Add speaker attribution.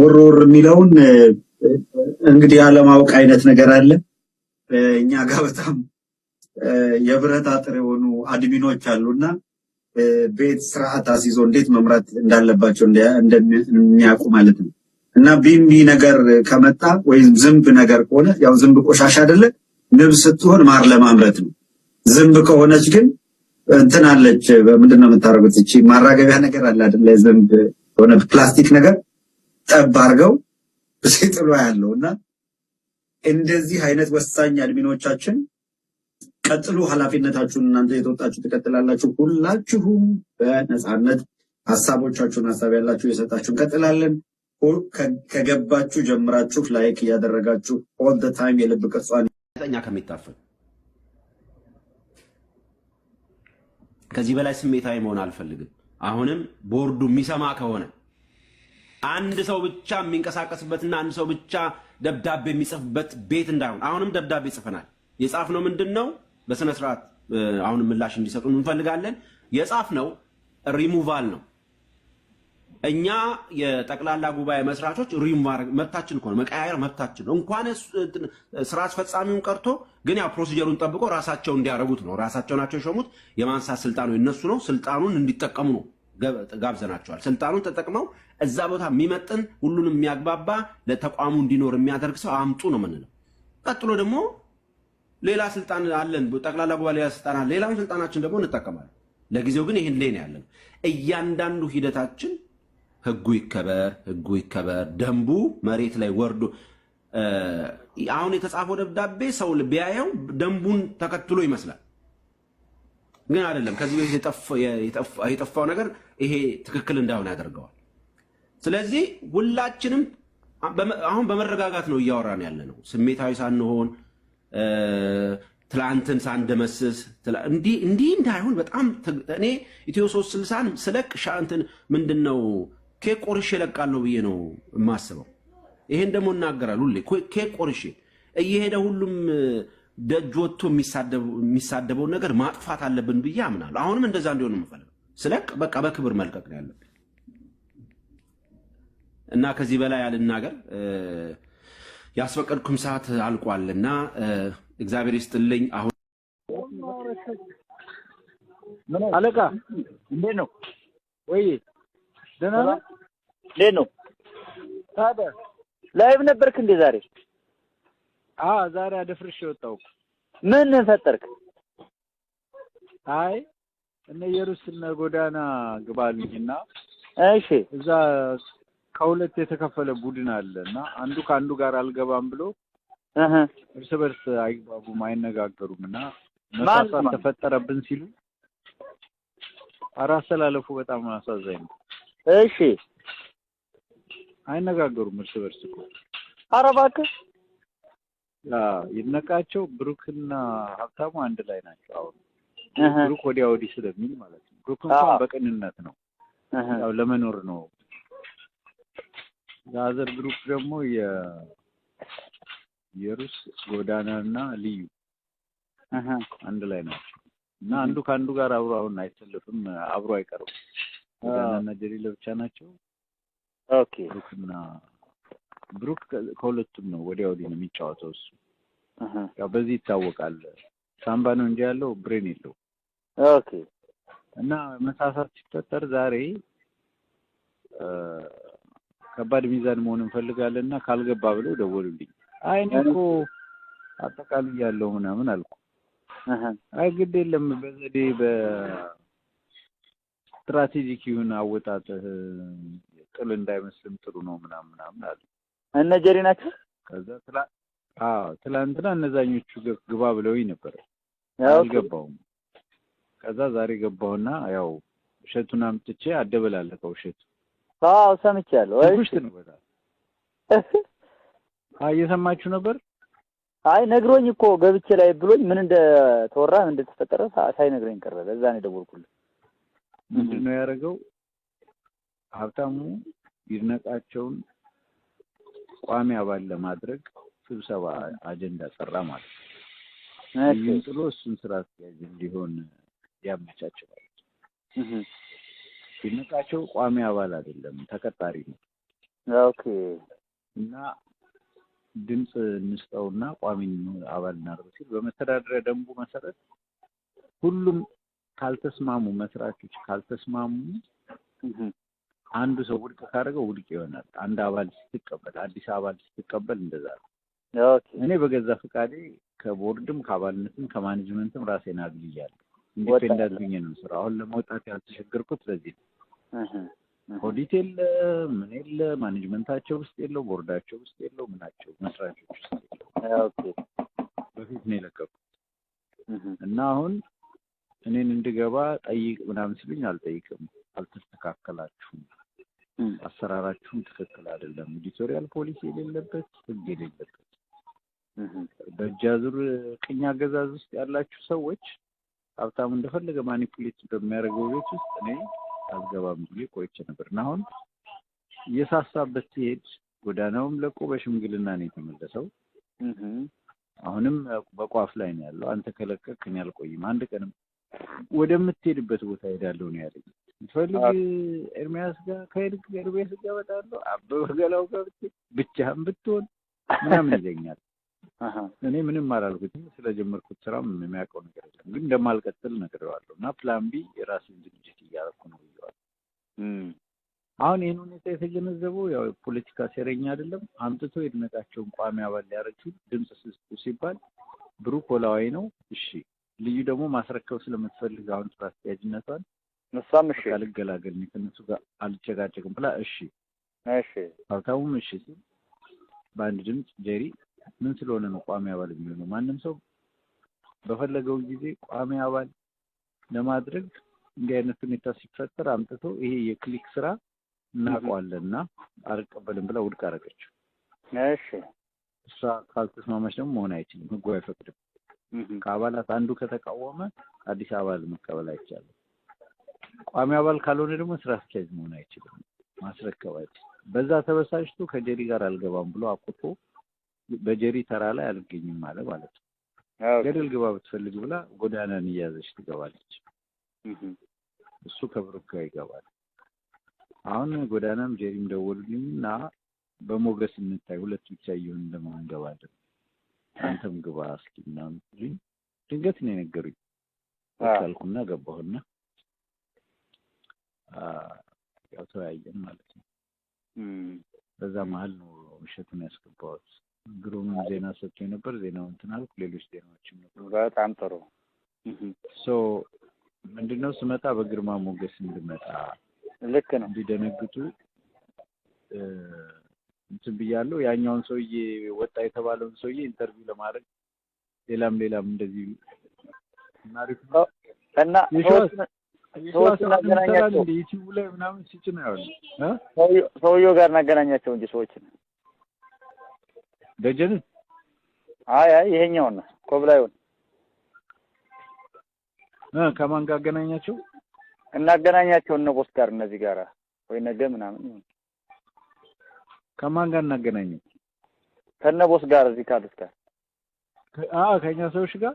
Speaker 1: ውርውር የሚለውን እንግዲህ ያለማወቅ አይነት ነገር አለ። እኛ ጋር በጣም የብረት አጥር የሆኑ አድሚኖች አሉና ቤት ስርዓት አስይዞ እንዴት መምራት እንዳለባቸው እንደሚያውቁ ማለት ነው። እና ቢምቢ ነገር ከመጣ ወይም ዝንብ ነገር ከሆነ ያው ዝንብ ቆሻሻ አይደለ፣ ንብ ስትሆን ማር ለማምረት ነው። ዝንብ ከሆነች ግን እንትን አለች። ምንድን ነው የምታደርጉት? እቺ ማራገቢያ ነገር አለ አይደለ? ዝንብ የሆነ ፕላስቲክ ነገር ጠብ አድርገው ብዙ ጥሎ ያለው እና እንደዚህ አይነት ወሳኝ አድሚኖቻችን ቀጥሉ፣ ኃላፊነታችሁን እናንተ የተወጣችሁ ትቀጥላላችሁ። ሁላችሁም በነፃነት ሀሳቦቻችሁን ሀሳብ ያላችሁ የሰጣችሁ እንቀጥላለን። ከገባችሁ ጀምራችሁ ላይክ እያደረጋችሁ ኦል ዘ ታይም የልብ ቅርጿን ጠኛ ከሚታፈን ከዚህ በላይ ስሜታዊ መሆን አልፈልግም። አሁንም ቦርዱ የሚሰማ ከሆነ አንድ ሰው ብቻ የሚንቀሳቀስበትና አንድ ሰው ብቻ ደብዳቤ የሚጽፍበት ቤት እንዳይሆን አሁንም ደብዳቤ ጽፈናል። የጻፍነው ምንድን ነው? በስነ ስርዓት አሁንም ምላሽ እንዲሰጡ እንፈልጋለን። የጻፍነው ሪሙቫል ነው። እኛ የጠቅላላ ጉባኤ መስራቾች ሪሙቫል መብታችን እኮ ነው፣ መቀያየር መብታችን ነው። እንኳን ስራ አስፈጻሚውን ቀርቶ ግን ያው ፕሮሲጀሩን ጠብቆ ራሳቸው እንዲያደርጉት ነው። ራሳቸው ናቸው የሾሙት። የማንሳት ስልጣኑ የነሱ ነው። ስልጣኑን እንዲጠቀሙ ነው ጋብዘናቸዋል። ስልጣኑን ተጠቅመው እዛ ቦታ የሚመጥን ሁሉንም የሚያግባባ ለተቋሙ እንዲኖር የሚያደርግ ሰው አምጡ ነው የምንለው። ቀጥሎ ደግሞ ሌላ ስልጣን አለን፣ ጠቅላላ ጉባኤ ሌላ ስልጣን አለ። ሌላውን ስልጣናችን ደግሞ እንጠቀማለን። ለጊዜው ግን ይህን ሌን ያለን እያንዳንዱ ሂደታችን ህጉ ይከበር፣ ህጉ ይከበር፣ ደንቡ መሬት ላይ ወርዶ አሁን የተጻፈው ደብዳቤ ሰው ቢያየው ደንቡን ተከትሎ ይመስላል ግን አይደለም። ከዚህ በፊት የጠፋው ነገር ይሄ ትክክል እንዳሆነ ያደርገዋል። ስለዚህ ሁላችንም አሁን በመረጋጋት ነው እያወራን ያለ ነው፣ ስሜታዊ ሳንሆን ትላንትን ሳንደመስስ እንዲህ እንዳይሆን በጣም እኔ ኢትዮ ሶስት ስልሳን ስለቅ ሻንትን ምንድን ነው ኬክ ቆርሼ እለቃለሁ ብዬ ነው የማስበው። ይሄን ደግሞ እናገራል ሁሌ ኬክ ቆርሼ እየሄደ ሁሉም ደጅ ወጥቶ የሚሳደበው ነገር ማጥፋት አለብን ብዬ አምናለሁ። አሁንም እንደዛ እንዲሆን የምፈልገው ስለቅ በቃ በክብር መልቀቅ ነው ያለብን እና ከዚህ በላይ አልናገር። ያስፈቀድኩም ሰዓት አልቋል እና እግዚአብሔር ይስጥልኝ። አሁን
Speaker 2: አለቃ እንዴት ነው? ወይ ደህና ነው? እንዴት ነው ታዲያ? ላይቭ ነበርክ እንዴ ዛሬ? አዎ ዛሬ አደፍርሽ የወጣው ምን ፈጠርክ? አይ እነ ኢየሩሳሌም ጎዳና ግባልኝና፣ እሺ እዛ ከሁለት የተከፈለ ቡድን አለ እና አንዱ ከአንዱ ጋር አልገባም ብሎ እርስ በርስ አይግባቡም፣ አይነጋገሩም እና መሳሳት ተፈጠረብን ሲሉ አራ ሰላለፉ በጣም አሳዛኝ ነው። እሺ አይነጋገሩም እርስ በርስ እኮ ኧረ እባክህ የነቃቸው ብሩክና ሀብታሙ አንድ ላይ ናቸው። አሁን ብሩክ ወዲያ ወዲህ ስለሚል ማለት ነው። ብሩክ እንኳን በቅንነት ነው፣ ያው ለመኖር ነው። ዛዘር ብሩክ ደግሞ የሩስ ጎዳናና ልዩ አንድ ላይ ናቸው እና አንዱ ከአንዱ ጋር አብሮ አሁን አይሰልፍም፣ አብሮ አይቀርም። ጎዳናና ጀሌ ለብቻ ናቸው። ኦኬ ብሩክና ብሩክ ከሁለቱም ነው ወዲያ ወዲህ ነው የሚጫወተው። እሱ ያው በዚህ ይታወቃል። ሳምባ ነው እንጂ ያለው ብሬን የለው። ኦኬ። እና መሳሳት ሲፈጠር ዛሬ ከባድ ሚዛን መሆን እንፈልጋለን እና ካልገባ ብለው ደወሉልኝ። አይ እኮ አጠቃላይ ያለው ምናምን አልኩ። አይ ግድ የለም በዘዴ በስትራቴጂክ ይሁን አወጣጥህ ጥል እንዳይመስልም ጥሩ ነው ምናምን ምናምን አሉ። እነ ጀሪ ናቸው። ከዛ ትላንትና እነዛኞቹ ግባ ብለውኝ ነበረ፣ አልገባውም። ከዛ ዛሬ ገባሁና ያው እሸቱን አምጥቼ አደበላለቀው። እሸቱ አዎ፣ ሰምቻለሁ። ሽት ነው በጣም እየሰማችሁ ነበር። አይ ነግሮኝ እኮ ገብቼ ላይ ብሎኝ ምን እንደተወራ ምን እንደተፈጠረ ሳይነግረኝ ቀረ። ለዛ ነው የደወልኩልህ። ምንድን ነው ያደረገው ሀብታሙ ይድነቃቸውን ቋሚ አባል ለማድረግ ስብሰባ አጀንዳ ጠራ ማለት ነው። ይህም ጥሎ እሱን ስራ አስኪያጅ እንዲሆን ያመቻቸው ማለት ነው። ሲነቃቸው ቋሚ አባል አይደለም ተቀጣሪ ነው። ኦኬ እና ድምፅ እንስጠውና ቋሚ አባል እናድርገው ሲል በመተዳደሪያ ደንቡ መሰረት ሁሉም ካልተስማሙ መስራቾች ካልተስማሙ አንዱ ሰው ውድቅ ካደረገው ውድቅ ይሆናል። አንድ አባል ስትቀበል፣ አዲስ አባል ስትቀበል እንደዛ ነው። እኔ በገዛ ፈቃዴ ከቦርድም ከአባልነትም ከማኔጅመንትም ራሴን አግልያለሁ። ኢንዲፔንደንት ሆኜ ነው ስራ አሁን ለመውጣት ያልተቸገርኩት ለዚህ ነው። ኦዲት የለ ምን የለ ማኔጅመንታቸው ውስጥ የለው ቦርዳቸው ውስጥ የለው ምናቸው መስራቾች ውስጥ የለው በፊት ነው የለቀቁት እና አሁን እኔን እንድገባ ጠይቅ ምናምን ሲሉኝ አልጠይቅም። አልተስተካከላችሁም አሰራራችሁም ትክክል አይደለም፣ ኢዲቶሪያል ፖሊሲ የሌለበት ህግ የሌለበት በእጃዙር ቅኝ አገዛዝ ውስጥ ያላችሁ ሰዎች ሀብታም እንደፈለገ ማኒፑሌት በሚያደርገው ቤት ውስጥ እኔ አልገባም ብዬ ቆይቼ ነበር እና አሁን እየሳሳበት ሲሄድ ጎዳናውም ለቆ በሽምግልና ነው የተመለሰው። አሁንም በቋፍ ላይ ነው ያለው። አንተ ከለቀቅን ያልቆይም አንድ ቀንም ወደምትሄድበት ቦታ ሄዳለሁ ነው ያለኝ። ብትፈልግ ኤርሚያስ ጋር ከሄድክ ኤርሚያስ ጋር እመጣለሁ፣ አበበ ገላው ጋር ብቻህን ብትሆን ምናምን ይለኛል። እኔ ምንም አላልኩትም። ስለጀመርኩት ስራም የሚያውቀው ነገር የለም፣ ግን እንደማልቀጥል ነግሬዋለሁ እና ፕላን ቢ የራስን ዝግጅት እያደረኩ ነው ብዬዋለሁ። አሁን ይህን ሁኔታ የተገነዘበው ያው የፖለቲካ ሴረኛ አይደለም። አምጥቶ የድነቃቸውን ቋሚ አባል ሊያረችው ድምፅ ስጡ ሲባል ብሩክ ወላዋይ ነው። እሺ ልዩ ደግሞ ማስረከብ ስለምትፈልግ አሁን ስራ አስኪያጅነቷን እሷም እሺ አልገላገል ከነሱ ጋር አልጨጋጨቅም ብላ እሺ እሺ ሀብታሙም እሺ ሲል በአንድ ድምፅ ጀሪ ምን ስለሆነ ነው ቋሚ አባል የሚሆነው? ማንም ሰው በፈለገው ጊዜ ቋሚ አባል ለማድረግ እንዲህ አይነት ሁኔታ ሲፈጠር አምጥቶ ይሄ የክሊክ ስራ እናውቀዋለን እና አልቀበልም ብላ ውድቅ አደረገችው። እሺ እሷ ካልተስማማች ደግሞ መሆን አይችልም፣ ህጉ አይፈቅድም። ከአባላት አንዱ ከተቃወመ አዲስ አባል መቀበል አይቻልም። ቋሚ አባል ካልሆነ ደግሞ ስራ አስኪያጅ መሆን አይችልም። ማስረከብ በዛ ተበሳጭቶ ከጀሪ ጋር አልገባም ብሎ አቁቶ በጀሪ ተራ ላይ አልገኝም አለ ማለት ነው። ገደል ግባ ብትፈልግ ብላ ጎዳናን እያዘች ትገባለች። እሱ ከብሩክ ጋር ይገባል። አሁን ጎዳናም ጀሪም ደወሉልኝ እና በሞገስ እንታይ ሁለት ብቻ እየሆን እንደማንገባለን አንተም ግባ እስኪ ምናምን ድንገት ነው የነገሩኝ አልኩና ገባሁና ያው ተወያየን ማለት ነው። በዛ መሀል ነው ውሸቱን ያስገባሁት። ግሩም ዜና ሰጥቶ ነበር። ዜናው እንትን አልኩ። ሌሎች ዜናዎችም ነበሩ። በጣም ጥሩ ሶ ምንድነው ስመጣ በግርማ ሞገስ እንድመጣ ልክ ነው። እንዲደነግጡ እንትን ብያለሁ። ያኛውን ሰውዬ ወጣ የተባለውን ሰውዬ ኢንተርቪው ለማድረግ ሌላም ሌላም እንደዚህ እና ሰዎች እናገናኛቸው ዩቲዩብ ላይ ምናምን ሲጭን ሰውየው ጋር እናገናኛቸው እንጂ ሰዎችን ደጀን አይ አይ ይሄኛውን ኮብላዩን ከማን ጋር አገናኛቸው እናገናኛቸው እነ ቦስ ጋር እነዚህ ጋር ወይ ነገ ምናምን ከማን ጋር እናገናኘው ከነ ቦስ ጋር እዚህ ካሉት ጋር አአ ከኛ ሰዎች ጋር